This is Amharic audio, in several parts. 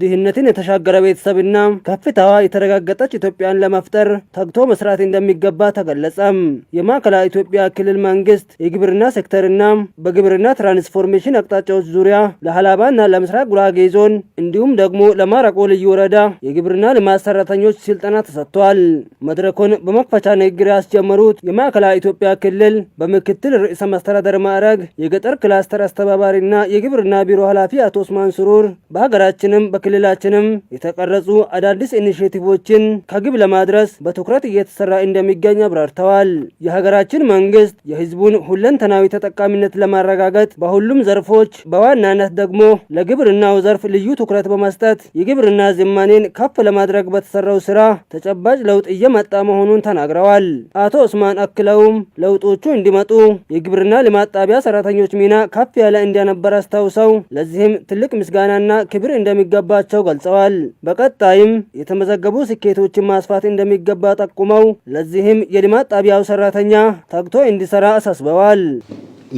ድህነትን የተሻገረ ቤተሰብና ከፍታዋ የተረጋገጠች ኢትዮጵያን ለመፍጠር ተግቶ መስራት እንደሚገባ ተገለጸም። የማዕከላዊ ኢትዮጵያ ክልል መንግስት የግብርና ሴክተርና በግብርና ትራንስፎርሜሽን አቅጣጫዎች ዙሪያ ለሀላባና ለምስራቅ ጉራጌ ዞን እንዲሁም ደግሞ ለማረቆ ልዩ ወረዳ የግብርና ልማት ሰራተኞች ስልጠና ተሰጥቷል። መድረኩን በመክፈቻ ንግግር ያስጀመሩት የማዕከላዊ ኢትዮጵያ ክልል በምክትል ርዕሰ መስተዳደር ማዕረግ የገጠር ክላስተር አስተባባሪና የግብርና ቢሮ ኃላፊ አቶ ኡስማን ስሩር በሀገራችንም በክልላችንም የተቀረጹ አዳዲስ ኢኒሽቲቮችን ከግብ ለማድረስ በትኩረት እየተሰራ እንደሚገኝ አብራርተዋል። የሀገራችን መንግስት የህዝቡን ሁለንተናዊ ተጠቃሚነት ለማረጋገጥ በሁሉም ዘርፎች በዋናነት ደግሞ ለግብርናው ዘርፍ ልዩ ትኩረት በመስጠት የግብርና ዝማኔን ከፍ ለማድረግ በተሰራው ስራ ተጨባጭ ለውጥ እየመጣ መሆኑን ተናግረዋል። አቶ ኡስማን አክለውም ለውጦቹ እንዲመጡ የግብርና ልማት ጣቢያ ሰራተኞች ሚና ከፍ ያለ እንደነበር አስታውሰው ለዚህም ትልቅ ምስጋናና ክብር እንደሚገባ እንደሚገባቸው ገልጸዋል። በቀጣይም የተመዘገቡ ስኬቶችን ማስፋት እንደሚገባ ጠቁመው ለዚህም የልማት ጣቢያው ሰራተኛ ተግቶ እንዲሰራ አሳስበዋል።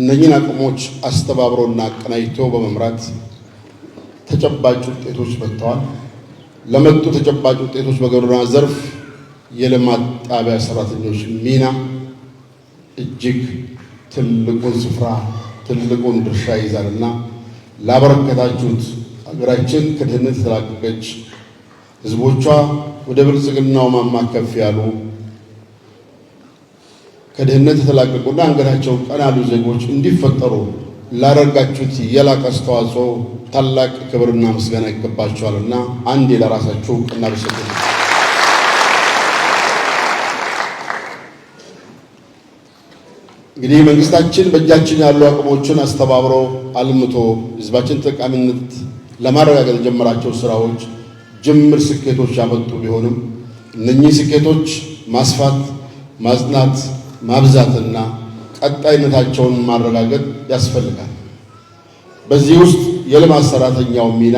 እነኚህን አቅሞች አስተባብሮና አቀናጅቶ በመምራት ተጨባጭ ውጤቶች መጥተዋል። ለመጡ ተጨባጭ ውጤቶች በግብርና ዘርፍ የልማት ጣቢያ ሰራተኞች ሚና እጅግ ትልቁን ስፍራ ትልቁን ድርሻ ይዛልና ላበረከታችሁት ሀገራችን ከድህነት ተላቀቀች፣ ህዝቦቿ ወደ ብልጽግናው ማማ ከፍ ያሉ ከድህነት የተላቀቁና አንገታቸው ቀና ያሉ ዜጎች እንዲፈጠሩ ላደረጋችሁት የላቀ አስተዋጽኦ ታላቅ ክብርና ምስጋና እና አንዴ ለራሳችሁ እናበሰግ እንግዲህ መንግስታችን በእጃችን ያሉ አቅሞችን አስተባብሮ አልምቶ ህዝባችን ጠቃሚነት ለማረጋገጥ የጀመራቸው ስራዎች ጅምር ስኬቶች ያመጡ ቢሆንም እነኚህ ስኬቶች ማስፋት፣ ማጽናት፣ ማብዛትና ቀጣይነታቸውን ማረጋገጥ ያስፈልጋል። በዚህ ውስጥ የልማት ሰራተኛው ሚና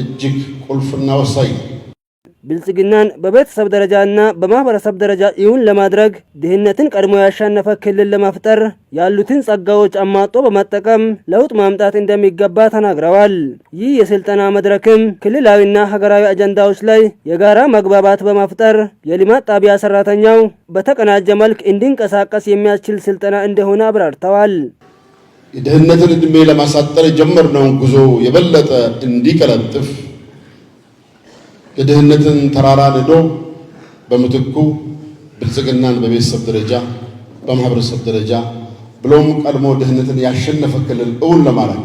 እጅግ ቁልፍና ወሳኝ ነው። ብልጽግናን በቤተሰብ ደረጃና በማህበረሰብ ደረጃ ይሁን ለማድረግ ድህነትን ቀድሞ ያሸነፈ ክልል ለመፍጠር ያሉትን ጸጋዎች አማጦ በመጠቀም ለውጥ ማምጣት እንደሚገባ ተናግረዋል። ይህ የስልጠና መድረክም ክልላዊና ሀገራዊ አጀንዳዎች ላይ የጋራ መግባባት በመፍጠር የልማት ጣቢያ ሰራተኛው በተቀናጀ መልክ እንዲንቀሳቀስ የሚያስችል ስልጠና እንደሆነ አብራርተዋል። የድህነትን ዕድሜ ለማሳጠር የጀመርነውን ጉዞ የበለጠ እንዲቀለጥፍ የድህነትን ተራራ ንዶ በምትኩ ብልጽግናን በቤተሰብ ደረጃ በማህበረሰብ ደረጃ ብሎም ቀድሞ ድህነትን ያሸነፈ ክልል እውን ለማለት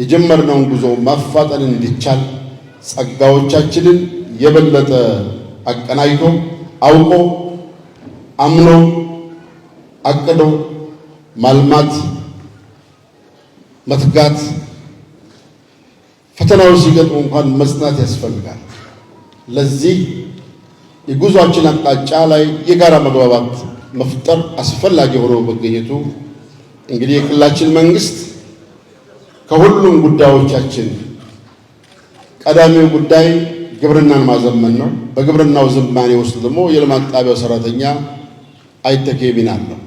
የጀመርነውን ጉዞ ማፋጠን እንዲቻል ጸጋዎቻችንን የበለጠ አቀናጅቶ አውቆ አምኖ አቅዶ ማልማት መትጋት፣ ፈተናዎች ሲገጥሙ እንኳን መጽናት ያስፈልጋል። ለዚህ የጉዟችን አቅጣጫ ላይ የጋራ መግባባት መፍጠር አስፈላጊ ሆኖ መገኘቱ እንግዲህ የክልላችን መንግስት ከሁሉም ጉዳዮቻችን ቀዳሚው ጉዳይ ግብርናን ማዘመን ነው። በግብርናው ዝማኔ ውስጥ ደግሞ የልማት ጣቢያው ሰራተኛ አይተኬ ሚና አለው።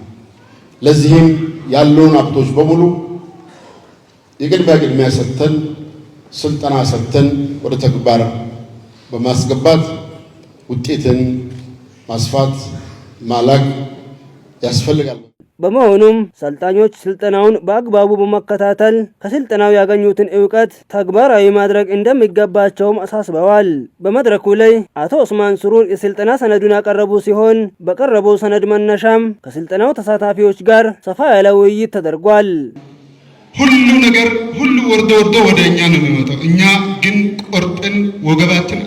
ለዚህም ያሉን ሀብቶች በሙሉ የቅድሚያ ቅድሚያ ሰጥተን ስልጠና ሰጥተን ወደ ተግባር በማስገባት ውጤትን ማስፋት ማላግ ያስፈልጋል። በመሆኑም ሰልጣኞች ስልጠናውን በአግባቡ በመከታተል ከስልጠናው ያገኙትን እውቀት ተግባራዊ ማድረግ እንደሚገባቸውም አሳስበዋል። በመድረኩ ላይ አቶ ኡስማን ስሩር የስልጠና ሰነዱን ያቀረቡ ሲሆን በቀረበው ሰነድ መነሻም ከስልጠናው ተሳታፊዎች ጋር ሰፋ ያለ ውይይት ተደርጓል። ሁሉ ነገር ሁሉ ወርዶ ወርዶ ወደ እኛ ነው የሚመጣው። እኛ ወገባችን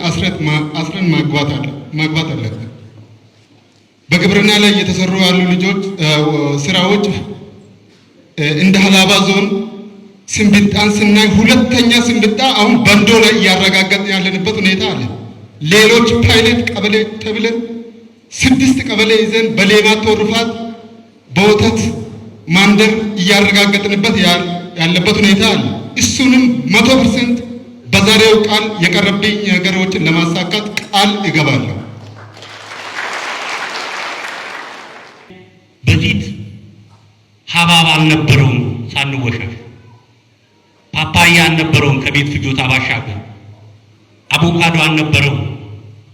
አስረን ማግባት አለብን። በግብርና ላይ እየተሰሩ ያሉ ልጆች ስራዎች እንደ ሀላባ ዞን ስንብጣን ስናይ ሁለተኛ ስንብጣ አሁን በንዶ ላይ እያረጋገጥን ያለንበት ሁኔታ አለ። ሌሎች ፓይለት ቀበሌ ተብለን ስድስት ቀበሌ ይዘን በሌማት ተወርፋት በወተት ማንደር እያረጋገጥንበት ያለበት ሁኔታ አለ። እሱንም መቶ ፐርሰንት በዛሬው ቃል የቀረብኝ ነገሮችን ለማሳካት ቃል እገባለሁ። በፊት ሀባብ አልነበረውም ሳንወሻሽ፣ ፓፓያ አልነበረውም ከቤት ፍጆታ ባሻገር፣ አቮካዶ አልነበረው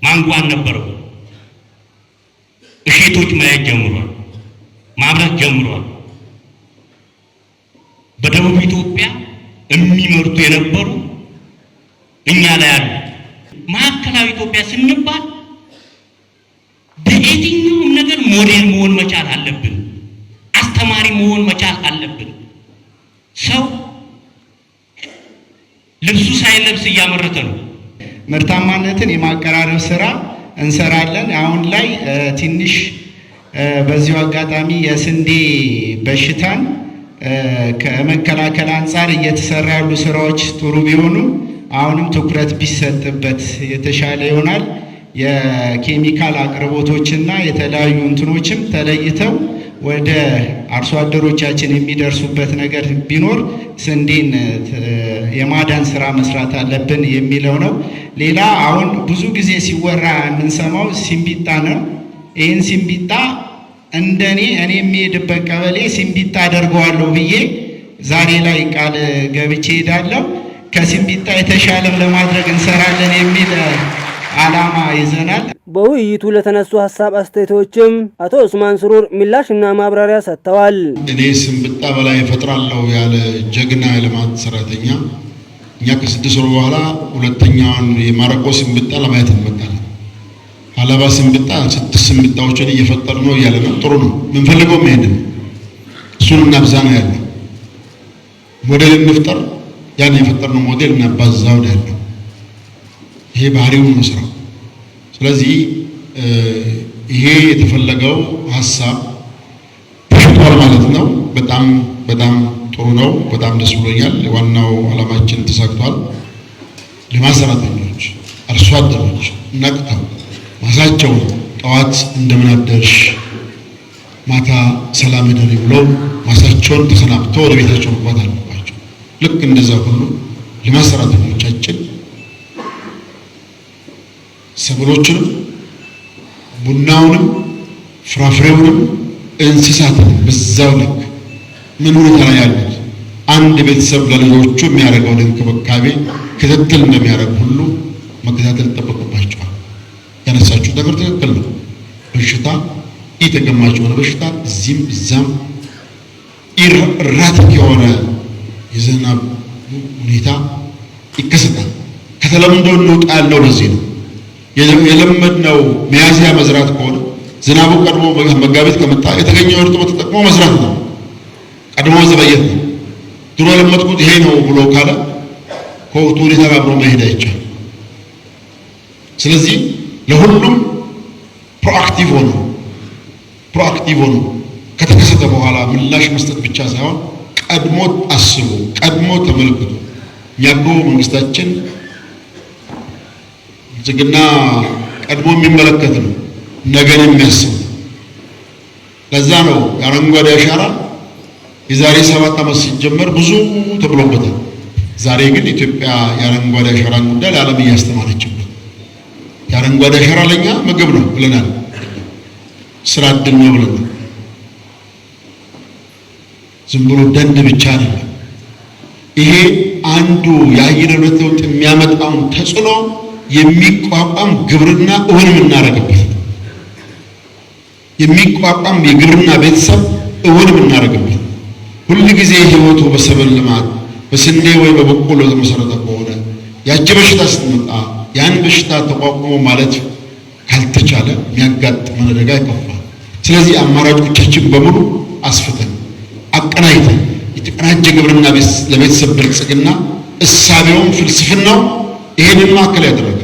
ማንጎ አልነበረው። እሼቶች ማየት ጀምሯል፣ ማምረት ጀምሯል። በደቡብ ኢትዮጵያ የሚመርቱ የነበሩ እኛ ላይ አሉ። ማዕከላዊ ኢትዮጵያ ስንባል በየትኛውም ነገር ሞዴል መሆን መቻል አለብን። አስተማሪ መሆን መቻል አለብን። ሰው ልብሱ ሳይለብስ እያመረተ ነው። ምርታማነትን የማቀራረብ ስራ እንሰራለን። አሁን ላይ ትንሽ በዚሁ አጋጣሚ የስንዴ በሽታን ከመከላከል አንጻር እየተሰራ ያሉ ስራዎች ጥሩ ቢሆኑም አሁንም ትኩረት ቢሰጥበት የተሻለ ይሆናል። የኬሚካል አቅርቦቶችና የተለያዩ እንትኖችም ተለይተው ወደ አርሶ አደሮቻችን የሚደርሱበት ነገር ቢኖር ስንዴን የማዳን ስራ መስራት አለብን የሚለው ነው። ሌላ አሁን ብዙ ጊዜ ሲወራ የምንሰማው ሲምቢጣ ነው። ይህን ሲምቢጣ እንደኔ እኔ የሚሄድበት ቀበሌ ሲምቢጣ አደርገዋለሁ ብዬ ዛሬ ላይ ቃል ገብቼ ሄዳለሁ። ከሲምቢጣ የተሻለም ለማድረግ እንሰራለን የሚል ዓላማ ይዘናል። በውይይቱ ለተነሱ ሀሳብ አስተያየቶችም አቶ ኡስማን ስሩር ምላሽና ማብራሪያ ሰጥተዋል። እኔ ስንብጣ በላይ እፈጥራለሁ ያለ ጀግና የልማት ሰራተኛ እኛ ከስድስት ወር በኋላ ሁለተኛዋን የማረቆ ስምብጣ ለማየት እንመጣለን። አለባ ስምብጣ ስድስት ስምብጣዎችን እየፈጠሩ ነው እያለ ነው። ጥሩ ነው። ምንፈልገው መሄድ ነው። እሱን እናብዛ ነው ያለ ሞዴል እንፍጠር ያን የፈጠርነው ሞዴል ነባዛው ነው ያለው። ይሄ ባህሪው ነው ስራው። ስለዚህ ይሄ የተፈለገው ሀሳብ ተሽቷል ማለት ነው። በጣም በጣም ጥሩ ነው። በጣም ደስ ብሎኛል። ዋናው አላማችን ተሳክቷል። ልማት ሰራተኞች፣ አርሶ አደሮች ነቅተው ማሳቸውን ጠዋት እንደምን አደርሽ ማታ ሰላም ደሪ ብለው ማሳቸውን ተሰናብተው ወደ ቤታቸው መግባት አለ ልክ እንደዛ ሁሉ ልማት ሰራተኞቻችን ሰብሎችንም ቡናውንም ፍራፍሬውንም እንስሳትን በዛው ልክ ምን ሁኔታ ላይ ያሉት አንድ ቤተሰብ ለልጆቹ የሚያደርገውን እንክብካቤ ክትትል እንደሚያደርግ ሁሉ መከታተል ይጠበቅባቸዋል። ያነሳችሁት ነገር ትክክል ነው። በሽታ ኢተገማች የሆነ በሽታ እዚህም እዛም ኢራቲክ የሆነ የዝናብ ሁኔታ ይከሰታል። ከተለምዶ እንውጣ ያለው በዚህ ነው። የለመድነው ሚያዝያ መዝራት ከሆነ ዝናቡ ቀድሞ መጋቢት ከመጣ የተገኘው እርጥበት ተጠቅሞ መዝራት ነው፣ ቀድሞ መዘበየት ነው። ድሮ የለመድኩት ይሄ ነው ብሎ ካለ ከወቅቱ ሁኔታ ጋር አብሮ መሄድ አይቻልም። ስለዚህ ለሁሉም ፕሮአክቲቭ ሆኖ ፕሮአክቲቭ ሆኖ ከተከሰተ በኋላ ምላሽ መስጠት ብቻ ሳይሆን ቀድሞ አስቦ ቀድሞ ተመልክቶ እኛ መንግስታችን ብልጽግና ቀድሞ የሚመለከት ነው፣ ነገን የሚያስብ ለዛ ነው የአረንጓዴ አሻራ የዛሬ ሰባት ዓመት ሲጀመር ብዙ ተብሎበታል። ዛሬ ግን ኢትዮጵያ የአረንጓዴ አሻራን ጉዳይ ለዓለም እያስተማረችበት የአረንጓዴ አሻራ ለኛ ምግብ ነው ብለናል፣ ስራ ዕድል ነው ብለናል። ዝም ብሎ ደን ብቻ ነው። ይሄ አንዱ የአየር ንብረት ለውጥ የሚያመጣውን ተጽዕኖ የሚቋቋም ግብርና እውን የምናደርግበት የሚቋቋም የግብርና ቤተሰብ እውን የምናደርግበት ጊዜ ህይወቱ በሰብል ልማት በስንዴ ወይ በበቆሎ የተመሰረተ ከሆነ ያቺ በሽታ ስትመጣ ያን በሽታ ተቋቁሞ ማለት ካልተቻለ የሚያጋጥመን አደጋ ይከፋል። ስለዚህ አማራጮቻችን በሙሉ አስፍተን አቀናይተን የተቀናጀ ግብርና ለቤተሰብ ብልጽግና ይህንን ማዕከል ያደረገ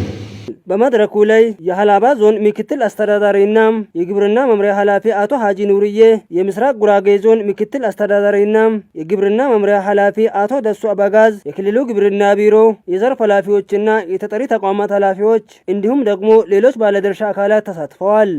በመድረኩ ላይ የሀላባ ዞን ምክትል አስተዳዳሪና የግብርና መምሪያ ኃላፊ አቶ ሀጂ ኑርዬ፣ የምስራቅ ጉራጌ ዞን ምክትል አስተዳዳሪና የግብርና መምሪያ ኃላፊ አቶ ደሱ አበጋዝ፣ የክልሉ ግብርና ቢሮ የዘርፍ ኃላፊዎችና የተጠሪ ተቋማት ኃላፊዎች እንዲሁም ደግሞ ሌሎች ባለድርሻ አካላት ተሳትፈዋል።